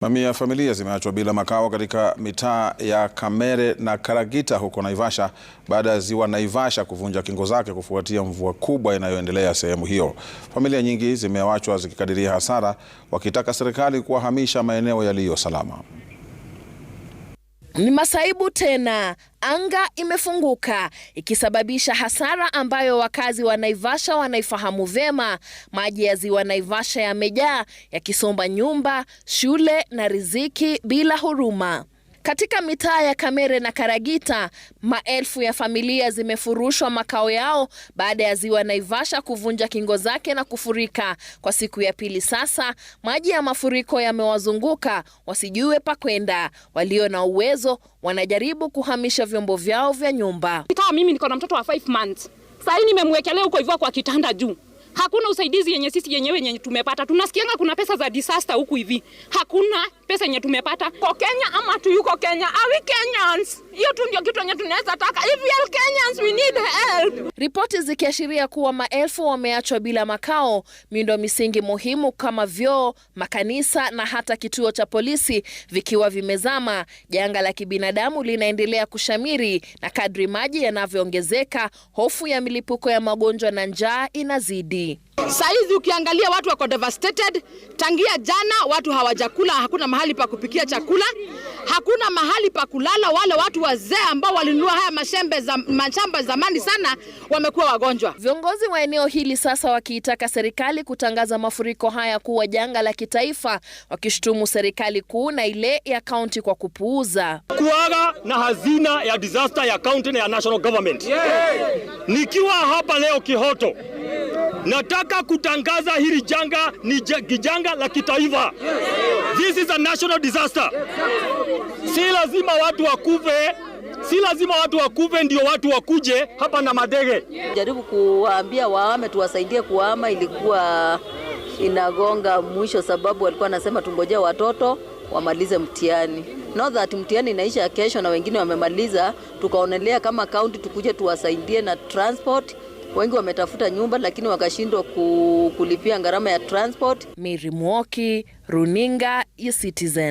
Mamia ya familia zimeachwa bila makao katika mitaa ya Kamere na Karagita huko Naivasha baada ya ziwa Naivasha kuvunja kingo zake kufuatia mvua kubwa inayoendelea sehemu hiyo. Familia nyingi zimewachwa zikikadiria hasara wakitaka serikali kuwahamisha maeneo yaliyo salama. Ni masaibu tena. Anga imefunguka ikisababisha hasara ambayo wakazi wa Naivasha wanaifahamu vyema. Maji ya ziwa Naivasha yamejaa yakisomba nyumba, shule na riziki bila huruma. Katika mitaa ya Kamere na Karagita, maelfu ya familia zimefurushwa makao yao baada ya ziwa Naivasha kuvunja kingo zake na kufurika. Kwa siku ya pili sasa, maji ya mafuriko yamewazunguka wasijue pa kwenda. Walio na uwezo wanajaribu kuhamisha vyombo vyao vya nyumba. Mimi niko na mtoto wa 5 months. Sasa nimemwekelea huko hivyo kwa kitanda juu. Hakuna usaidizi yenye sisi yenyewe yenye tumepata. Tunasikianga kuna pesa za disaster huku hivi, hakuna pesa yenye tumepata kwa Kenya ama tu yuko Kenya. Are we Kenyans? Hiyo tu ndio kitu yenye tunaweza taka. EVL Kenya. Ripoti zikiashiria kuwa maelfu wameachwa bila makao, miundo misingi muhimu kama vyoo, makanisa na hata kituo cha polisi vikiwa vimezama. Janga la kibinadamu linaendelea kushamiri na kadri maji yanavyoongezeka, hofu ya milipuko ya magonjwa na njaa inazidi. Saizi ukiangalia watu wako devastated. Tangia jana watu hawajakula, hakuna mahali pa kupikia chakula, hakuna mahali pa kulala. Wale watu wazee ambao walinunua haya mashamba za, mashamba zamani sana wamekuwa wagonjwa. Viongozi wa eneo hili sasa wakiitaka serikali kutangaza mafuriko haya kuwa janga la kitaifa, wakishutumu serikali kuu na ile ya kaunti kwa kupuuza kuaga na hazina ya disaster ya kaunti na ya national government. Nikiwa hapa leo Kihoto Nataka kutangaza hili janga ni janga la kitaifa. This is a national disaster. Si lazima watu wakuve si lazima watu wakuve ndio watu wakuje hapa na madege. Jaribu kuwaambia waame, tuwasaidie kuama, ilikuwa inagonga mwisho, sababu walikuwa anasema tungoje watoto wamalize mtihani. Not that mtihani inaisha kesho na wengine wamemaliza, tukaonelea kama kaunti tukuje tuwasaidie na transport Wengi wametafuta nyumba lakini wakashindwa kulipia gharama ya transport. Mary Mwoki, Runinga ya Citizen.